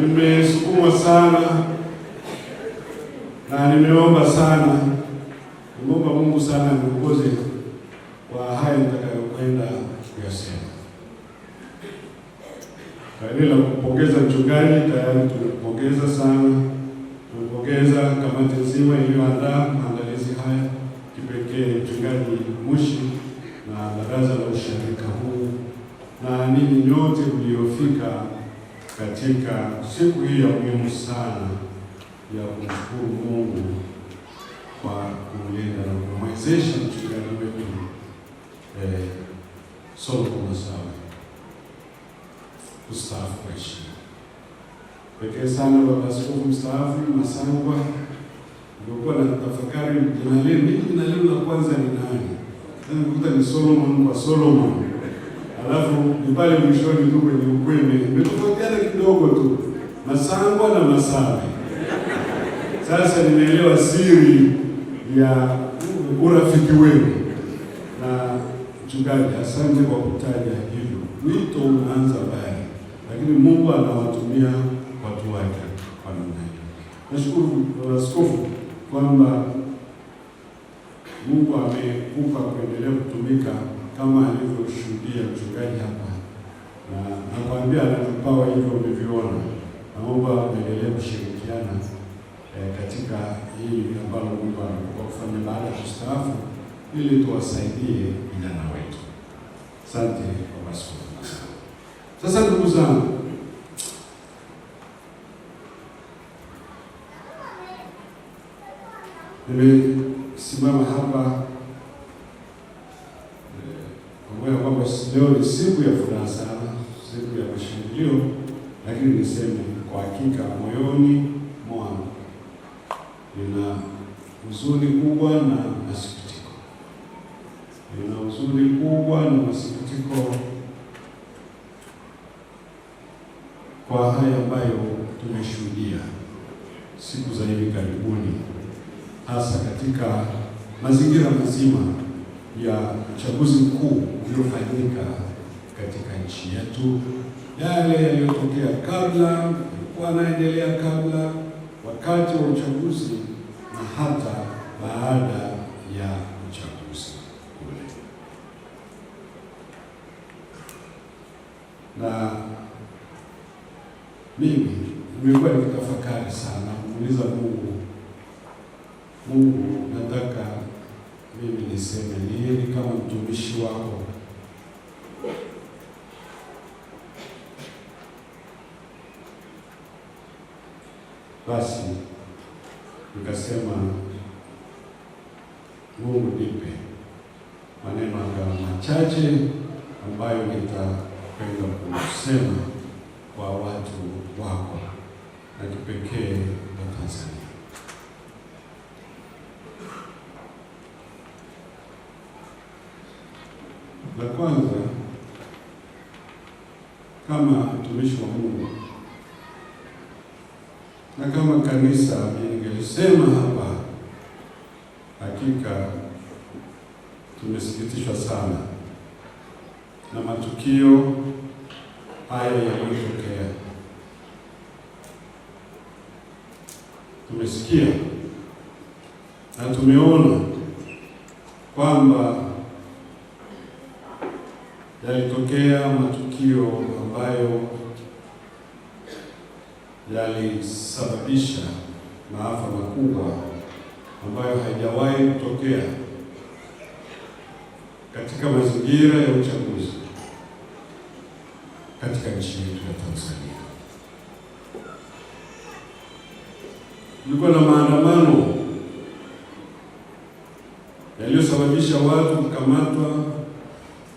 nimesukumwa sana na nimeomba sana, nimeomba Mungu sana niongoze kwa haya nitakayokwenda kuyasema. Kaile la kumpongeza mchungaji tayari tumepongeza sana, tumepongeza kamati nzima iliyoandaa maandalizi haya, kipekee mchungaji Mushi na baraza la usharika huu na ninyi nyote mliofika Katika siku hii ya muhimu sana ya kumshukuru Mungu kwa kumlinda na kumwezesha mchungaji wetu eh, Solomon Masawe kustaafu kwa heshima pekee sana. Baba Askofu mstaafu Masangwa, nilikuwa na tafakari jina lenu, jina lenu la kwanza ni nani? Nikuta ni Solomon kwa Solomon alafu pale mwishoni tu kwenye ukweme imetofautiana kidogo tu, Masangwa na Masawe. Sasa ninaelewa siri ya urafiki wenu na mchungaji, asante kwa kutaja hivyo. Wito unaanza mbali, lakini Mungu anawatumia watu wake kwa namna hiyo. Nashukuru uh, Askofu kwamba Mungu amekupa kuendelea kutumika kama alivyoshuhudia mchungaji hapa, na nakwambia Nakapawa hivyo umeviona. Naomba uendelee kushirikiana e, katika hili ambalo Mungu anakupa kufanya baada ya kustaafu, ili tuwasaidie vijana wetu. Asante kwa Askofu. Sasa ndugu zangu nimesimama hapa Leo ni siku ya furaha sana, siku ya mashangilio, lakini niseme kwa hakika moyoni mwangu nina huzuni kubwa na masikitiko, nina huzuni kubwa na masikitiko kwa haya ambayo tumeshuhudia siku za hivi karibuni, hasa katika mazingira mazima ya uchaguzi mkuu iliyofanyika katika nchi yetu, yale yaliyotokea kabla, yalikuwa yanaendelea kabla, wakati wa uchaguzi na hata baada ya uchaguzi kule. Na mimi nimekuwa nikitafakari sana, kumuuliza Mungu, Mungu, nataka mimi niseme nini kama mtumishi wako Basi nikasema Mungu nipe maneno angalau machache ambayo nitapenda kusema kwa watu wako na kipekee wa Tanzania. kanisa ningelisema hapa, hakika tumesikitishwa sana na matukio haya yaliyotokea. Tumesikia na tumeona kwamba yalitokea matukio ambayo yalisababisha maafa makubwa ambayo haijawahi kutokea katika mazingira ya uchaguzi katika nchi yetu ya Tanzania. Kulikuwa na maandamano yaliyosababisha watu kukamatwa,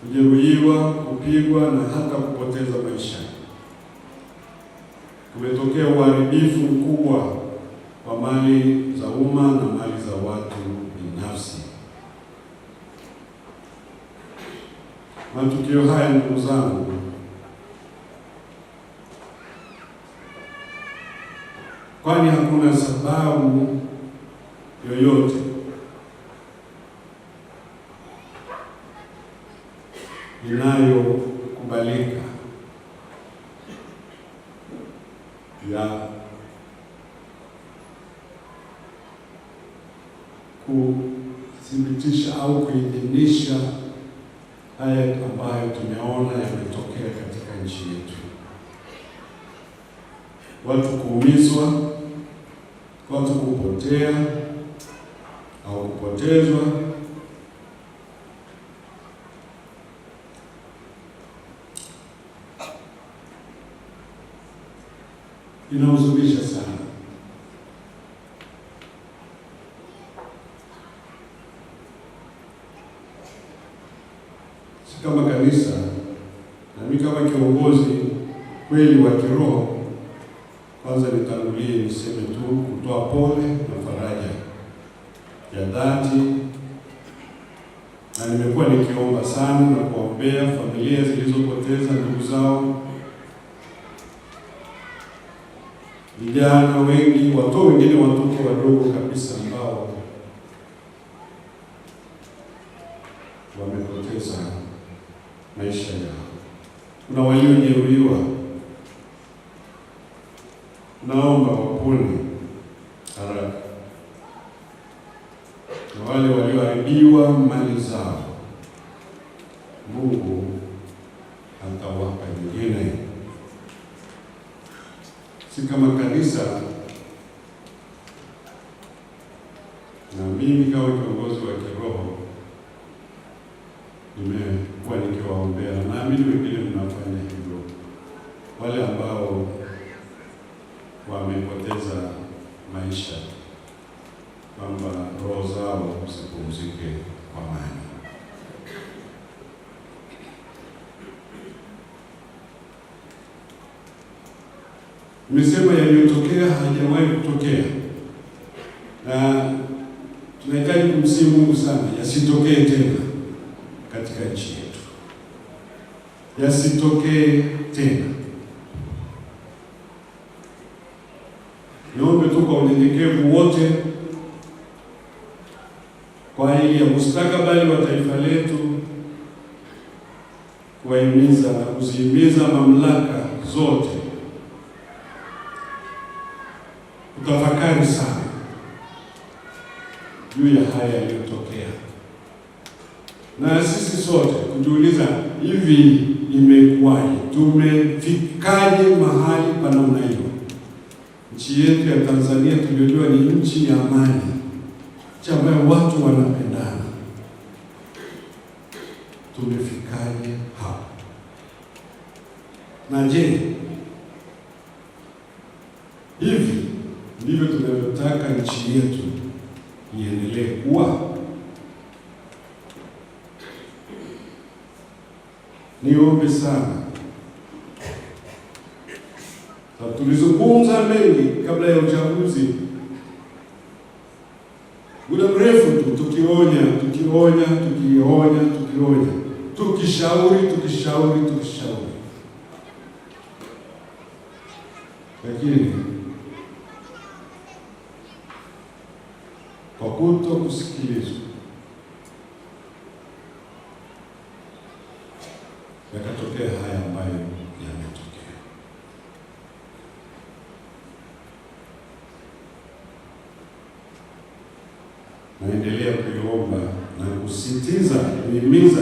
kujeruhiwa, kupigwa na hata kupoteza maisha kumetokea uharibifu mkubwa wa mali za umma na mali za watu binafsi. Matukio haya, ndugu zangu, kwani hakuna sababu yoyote inayo ya kuthibitisha au kuidhinisha haya ambayo tumeona yametokea katika nchi yetu, watu kuumizwa, watu kupotea au kupotezwa inahuzunisha sana. Si kama kanisa nami kama kiongozi kweli wa kiroho, kwanza nitangulie niseme tu kutoa pole na faraja ya dhati, na nimekuwa nikiomba sana na kuombea familia zilizopoteza ndugu zao vijana wengi, watoto wengine, watoto wadogo kabisa ambao wamepoteza maisha yao. Kuna waliojeruhiwa, naomba wapone haraka, na wale walioharibiwa mali zao Nimesema yaliyotokea hayajawahi kutokea, na tunahitaji kumsihi Mungu sana yasitokee tena katika nchi yetu, yasitokee utafakari sana juu ya haya yaliyotokea, na sisi sote kujiuliza, hivi imekuwaje? Tumefikaje mahali pa namna hiyo? Nchi yetu ya Tanzania tuliojua ni nchi ya amani, nchi ambayo watu wanapendana, tumefikaje hapa? Na je nchi yetu iendelee kuwa niombe sana na tulizungumza mengi kabla ya uchaguzi, muda mrefu tu tukionya tukionya tukionya tukionya tukishauri tukishauri tukishauri, lakini kuto kusikilizwa. Yakatokea haya ambayo yametokea. Naendelea kuiomba na kusitiza, kuhimiza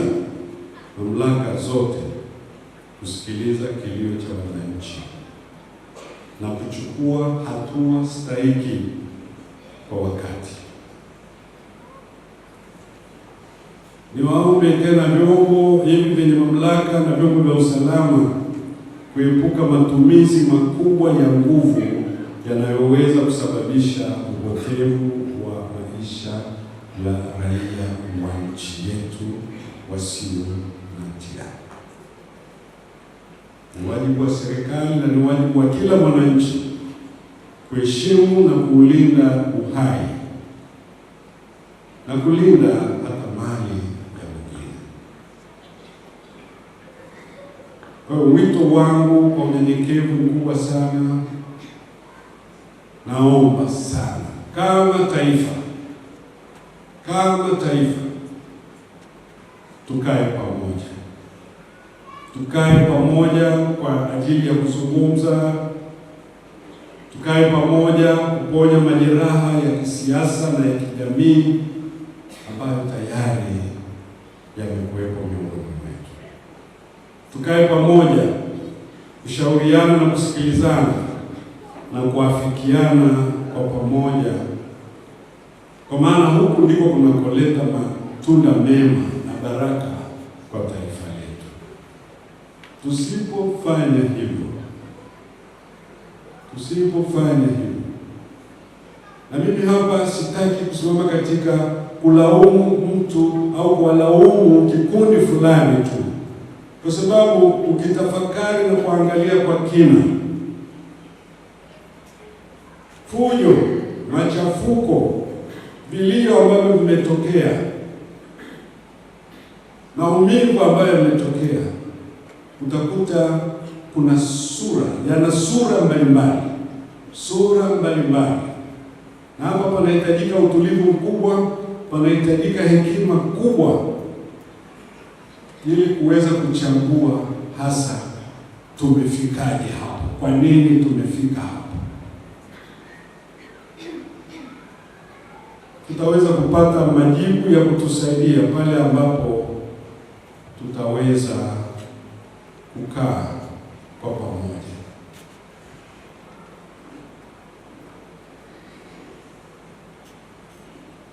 mamlaka zote kusikiliza kilio cha wananchi na kuchukua hatua stahiki kwa wakati. niwaombe tena vyombo hivi vyenye mamlaka na vyombo vya usalama kuepuka matumizi makubwa ya nguvu yanayoweza kusababisha upotevu wa maisha ya raia wa nchi yetu wasio na hatia. Ni wajibu wa serikali na ni wajibu wa kila mwananchi kuheshimu na kuulinda uhai na kulinda Kwa wito wangu kwa unyenyekevu mkubwa sana, naomba sana kama taifa, kama taifa tukae pamoja, tukae pamoja kwa ajili ya kuzungumza, tukae pamoja kuponya majeraha ya kisiasa na ya kijamii ambayo tayari yamekuwepo miongoni tukae pamoja kushauriana na kusikilizana na kuafikiana kwa pamoja, kwa maana huku ndiko kunakoleta matunda mema na baraka kwa taifa letu. Tusipofanya hivyo, tusipofanya hivyo, na mimi hapa sitaki kusimama katika kulaumu mtu au kuwalaumu kikundi fulani tu kwa sababu ukitafakari na kuangalia kwa kina, fujo, machafuko, vilio ambavyo vimetokea, maumivu ambayo yametokea, utakuta kuna sura, yana sura mbalimbali, sura mbalimbali, na hapa panahitajika utulivu mkubwa, panahitajika hekima kubwa ili kuweza kuchambua hasa tumefikaje hapo, kwa nini tumefika hapo. Tutaweza kupata majibu ya kutusaidia pale ambapo tutaweza kukaa kwa pamoja.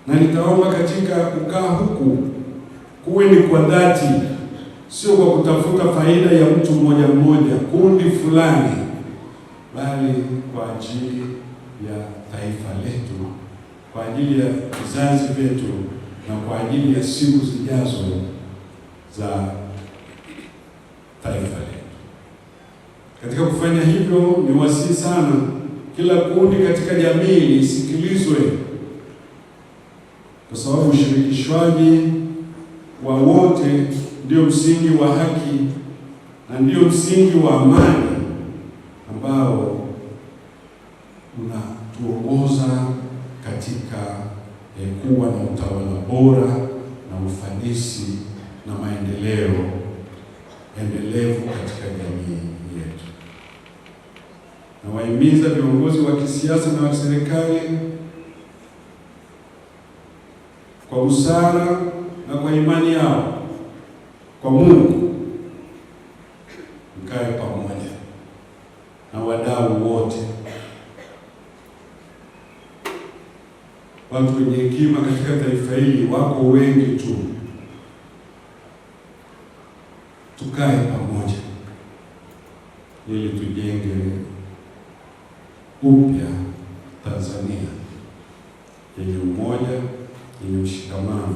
na nitaomba katika kukaa huku kuwe ni kwa dhati sio kwa kutafuta faida ya mtu mmoja mmoja, kundi fulani, bali kwa ajili ya taifa letu, kwa ajili ya vizazi vyetu, na kwa ajili ya siku zijazo za taifa letu. Katika kufanya hivyo, ni wasihi sana kila kundi katika jamii lisikilizwe, kwa sababu ushirikishwaji wa wote ndio msingi wa haki na ndio msingi wa amani ambao unatuongoza katika eh, kuwa na utawala bora na ufanisi na maendeleo endelevu katika jamii yetu. Nawahimiza viongozi wa kisiasa na wa serikali kwa busara na kwa imani yao kwa Mungu, mkae pamoja na wadau wote, watu wenye hekima katika taifa hili wako wengi tu. Tukae pamoja ili tujenge upya Tanzania yenye umoja, yenye mshikamano,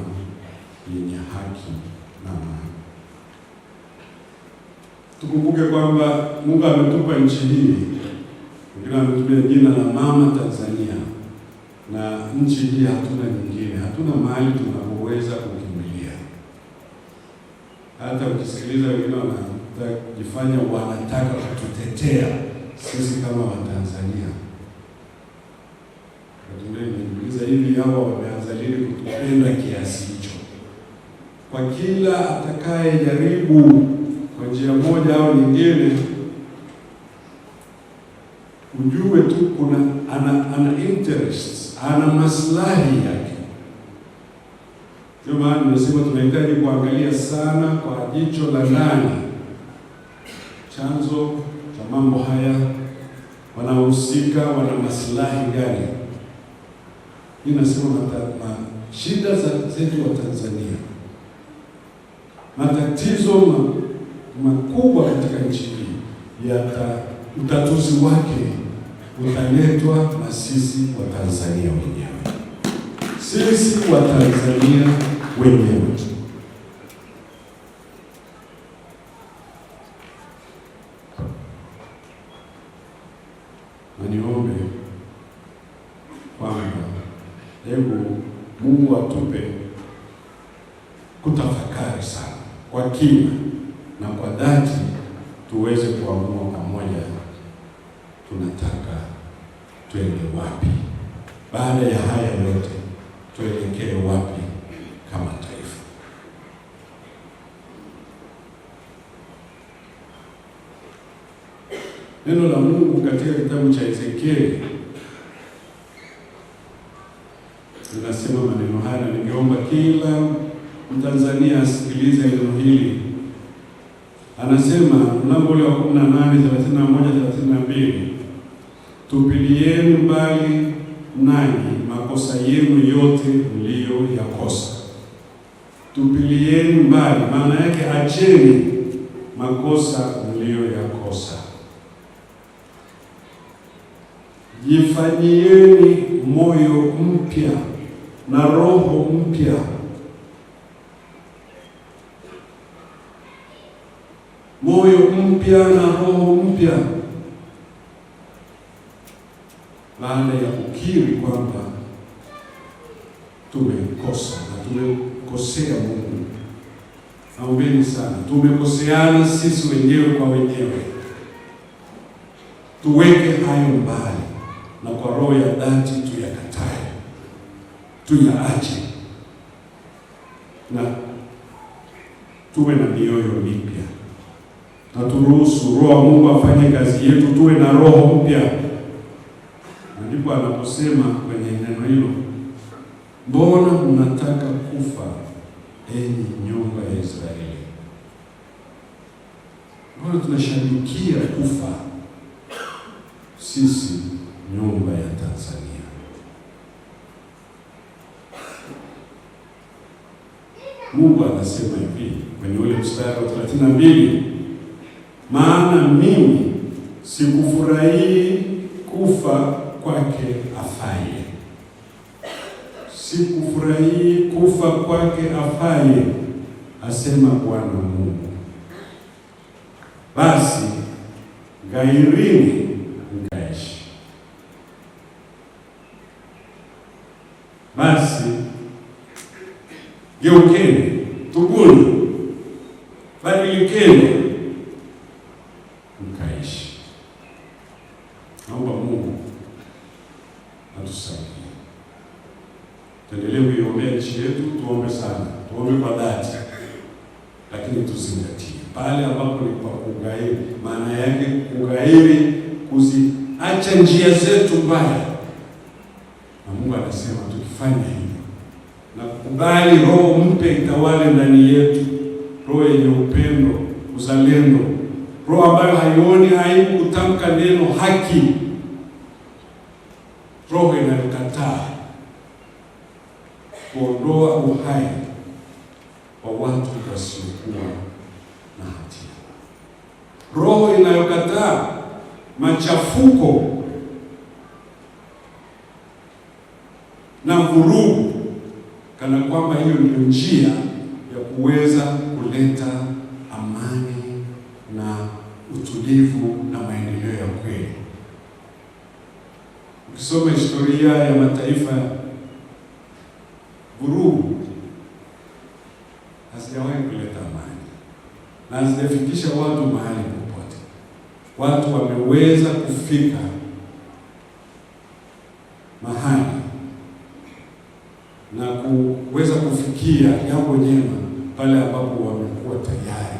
yenye haki. Tukumbuke kwamba Mungu ametupa nchi hii, wengine wametumia jina la mama Tanzania, na nchi hii hatuna nyingine, hatuna mahali tunapoweza kukimbilia. Hata ukisikiliza wengine wanajifanya wanataka kututetea sisi kama Watanzania. Najiuliza, hivi hawa wameanza lini kutupenda kiasi hicho? Kwa kila atakayejaribu moja au nyingine, ujue tu kuna ana, ana interest ana maslahi yake. Ndio maana nimesema tunahitaji kuangalia sana kwa jicho la ndani chanzo cha mambo haya, wanahusika wana maslahi gani? Ninasema shida zetu wa Tanzania matatizo makubwa katika nchi hii yaka utatuzi wake utaletwa na sisi Watanzania wenyewe, sisi Watanzania wenyewe. Na niombe kwamba hebu Mungu atupe kutafakari sana kwa kina dhati tuweze kuamua pamoja, tunataka twende wapi? Baada ya haya yote, tuelekee wapi kama taifa? Neno la Mungu katika kitabu cha Ezekieli linasema maneno haya, ningeomba kila Mtanzania asikilize neno hili anasema mlango ule wa kumi na nane thelathini na moja thelathini na mbili tupilieni mbali nanyi makosa yenu yote mliyo yakosa. Tupilieni mbali, maana yake acheni makosa mliyo yakosa, jifanyieni moyo mpya na roho mpya moyo mpya na roho mpya, baada ya kukiri kwamba tumekosa na tumekosea Mungu. Naombeni sana, tumekoseana sisi wenyewe kwa wenyewe. Tuweke hayo mbali, na kwa roho ya dhati tuyakatae, tuyaache na tuwe na mioyo mipya na turuhusu Roho wa Mungu afanye kazi yetu, tuwe na roho mpya. Na ndipo anaposema kwenye neno hilo, mbona mnataka kufa, enyi nyumba ya Israeli? Mbona tunashabikia kufa sisi nyumba ya Tanzania? Mungu anasema hivi kwenye ule mstari wa 32 maana mimi sikufurahii kufa kwake afaye, sikufurahii kufa kwake afaye, asema Bwana Mungu. Basi gairini ngaishi Basi geukeni kufanya hivyo na kukubali roho mpya itawale ndani yetu, roho yenye upendo, uzalendo, roho ambayo haioni aibu kutamka neno haki, roho inayokataa kuondoa uhai wa watu wasiokuwa na hatia, roho inayokataa machafuko na vurugu, kana kwamba hiyo ndio njia ya kuweza kuleta amani na utulivu na maendeleo ya kweli. Ukisoma historia ya mataifa, vurugu hazijawahi kuleta amani na hazijafikisha watu mahali popote. Watu wameweza kufika pale ambapo wamekuwa tayari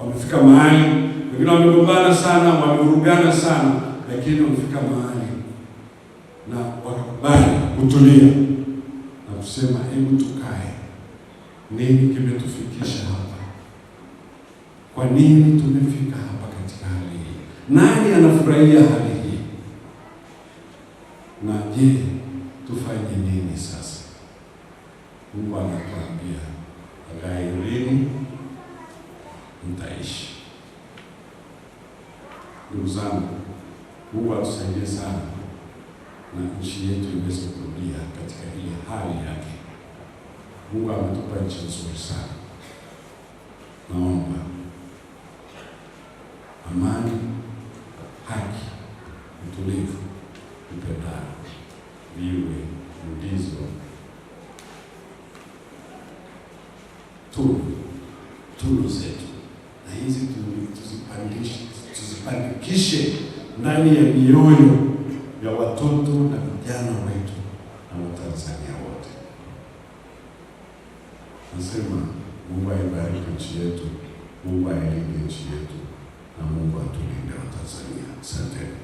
wamefika mahali, wengine wamegombana sana, wamevurugana sana, lakini wamefika mahali na wakakubali kutulia na kusema, hebu tukae, nini kimetufikisha hapa? Kwa nini tumefika hapa katika hali hii? Nani anafurahia hali Mungu ametupa nchi nzuri sana. Naomba amani, haki, utulivu, upendano viwe ndizo tunu tunu zetu, na hizi tuzipandikishe ndani ya mioyo sema Mungu aibariki nchi yetu, Mungu ailinde nchi yetu na Mungu atulinde Watanzania. Asanteni.